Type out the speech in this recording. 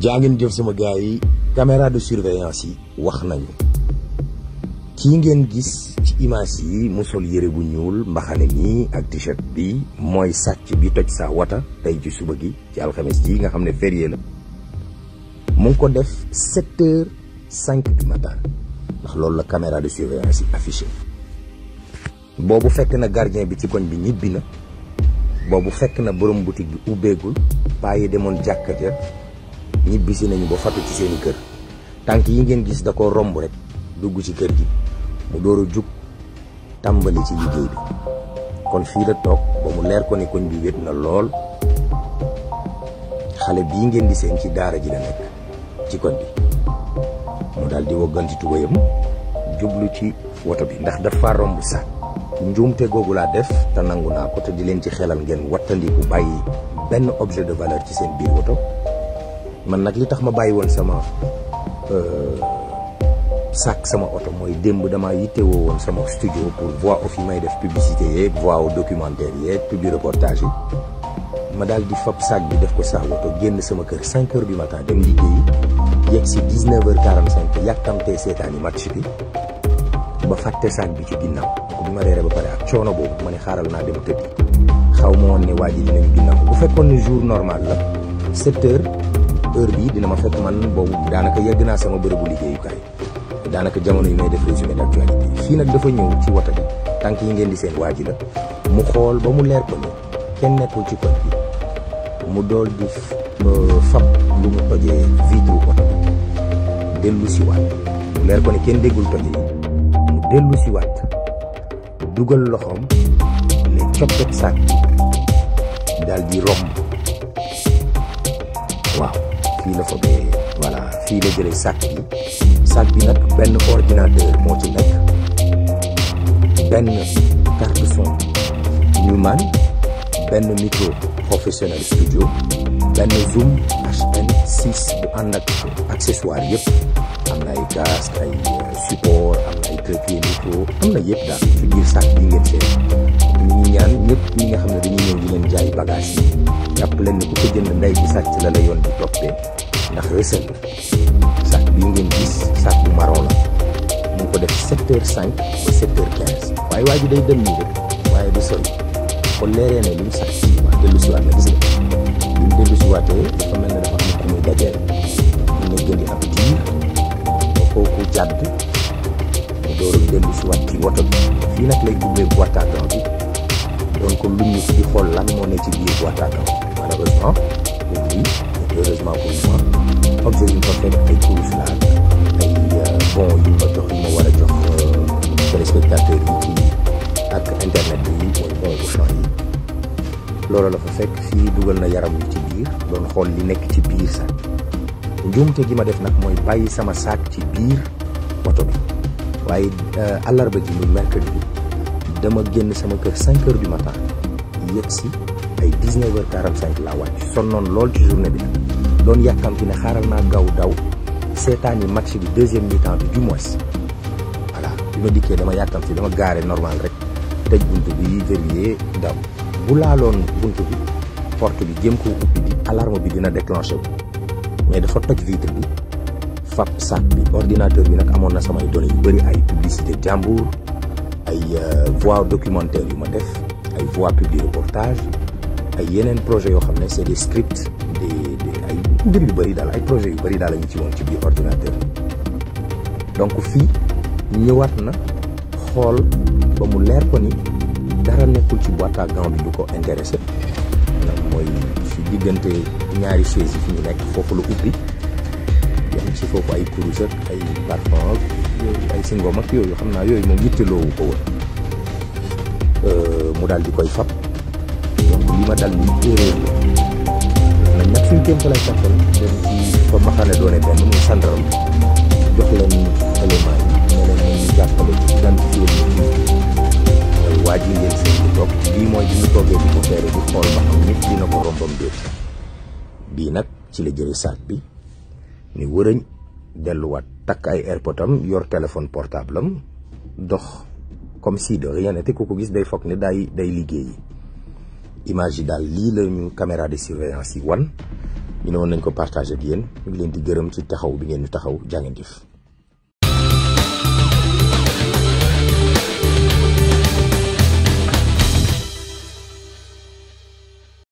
jaa ngeen jëf sama gars yi caméra de surveillance yi wax nañu kii ngeen gis ci image yi musol yére bu ñuul mbaxane mi ak t-shirt bi mooy sàcc bi toj sa wata tey ci suba gi ci alxemes ji nga xam ne férié la mu ngi ko def sept heures cinq du matin ndax loolu la caméra de surveillance yi affiché boobu fekk na gardien bi ci koñ bi ñibbi na boobu fekk na borom boutique bi ubbeegul paa yi demoon jàkka ja ñibbisi nañu ba fatu ci seeni kër tànk yi ngeen gis da ko romb rek dugg ci kër gi mu door a jug tàmbali ci liggéey bi kon fii la toog ba mu leer ko ne koñ bi wét na lool xale bii ngeen di seen ci daara ji la nekk ci koñ bi mu daal di wogganti tubayam jublu ci woto bi ndax dafa romb sax njuumte googu laa def te nangu naa ko te di leen ci xelal ngeen wattandiku bàyyi benn objet de valeur ci seen biir woto man nag li tax ma bàyyi woon sama euh, sac sama oto mooy démb damaa yittewoo woon sama studio pour voix off yi may def publicité yeeg voix documentaire yeeg publi reportage yi ma daal di fab sac bi def ko saa woto génn sama kër 5 heures du matin dem liggéeyi yegg si 19 heures 45 yàkkamtee seetaani match bi ba fàtte sac bi ci ginnaaw donc bi ma reere ba pare ak coono boobu ma ne xaaral naa dem tëdd xaw ma woon ne waa ji dinañu ginnaaw normal heure bi dina ma fekk man boobu daanaka yegg naa sama bërëbu liggéeyukaay daanaka jamono yi may def résumé d'actualité fii nag dafa ñëw ci wata bi tànk yi ngeen di seen waa ji la mu xool ba mu leer ko ni kenn nekkul ci koñ bi mu dool di euh, fab lu mu tojee vitre oto bi dellu si waat mu leer ko ni kenn déggul toje yi mu dellu si dugal loxoom ne coppet saak bi daal di romb waaw fii la ko bayee voilà fii la jëlee sac bi sac bi nag benn ordinateur moo ci nekk benn carte son benn micro professionnel studio benn zoom HN6 bu ànd ak accessoire yëpp am na ay casque ay euh, support am na ay trépied micro am na yëpp daal ci biir sac bi ngeen seet ñu ñaan ñëpp ñi nga xam ne dañuy ñëw di leen jaay bagage yi jàpp leen ne ku ko jënd ndey ji sàcc la la yoon di toppee ndax rësal sac bii ngeen gis sac bu marron la ko def sept cinq ba sept heures quinze waaye waa ji day dellu rek waaye du sori kon leeree ne li sàcc waa dellu si waat na gis nga li di ab ci woto bi fii nag lay duggee boîte à gants bi lu ñu di xool lan moo ne ci biir heureusement pour lui heureusement pour moi objet yi fa fekk ay couche la ay bon yu ma jox yu ma yi ci ak internet bi mooy bon Auchan yi loolu la fa fekk fii dugal na yaram wi ci biir doon xool li nekk ci biir sax njuumte gi ma def nag mooy bàyyi sama saak ci biir moto bi waaye àllarba ji muy mercredi bi dama génn sama kër 5 heures du matin yegg ay 19 heures 45 laa wàcc sonnoon lool ci journée bi nag doon yàkkamti ne xaaral naa gaaw daw seetaani match bi deuxième mi-temps bi du moins voilà ma dikkee dama yàkkamti dama gaare normal rek tëj buntu bi verrouillé daw bu laaloon buntu bi porte bi jëm ko ubbi di alarme bi dina déclenché wu mais dafa toj vitre bi fab sac bi ordinateur bi nag amoon na samay données yu bëri ay publicité jàmbur ay euh, voix documentaire yu ma def ay voix publi reportage ay yeneen projet yoo xam ne c'est des scripts des des ay mbir yu bëri daal ay projets yu bari daal la ñu ci woon ci biir ordinateur donc fii ñëwaat na xool ba mu leer ko ni dara nekkul ci boîte à gants bi du ko intéressé nag mooy su diggante ñaari chaise yi fi ñu nekk foofu la ubbi yam foofu ay kurus ak ay parfum ak ay singom ak yooyu xam naa yooyu moom yitteloowu ko woon euh, mu daal di koy fab donc li ma dal nii erreur la man nag suñu kéem ci fa ma mooy di toog lii bi ñu toogee di xool ba xam nit dina ko rombam déet bii nag ci la jëlee saak bi ni wërëñ delluwaat takk ay airport yor telefon portable am dox comme si de rien ku ko gis day foog ne day day liggéeyi image yi daal lii la ñu caméra de surveillance yi wan ñu ne woon nañ ko partagé ak yéen ñu ngi leen di gërëm ci taxaw bi ngeen di taxaw jàngeen jëf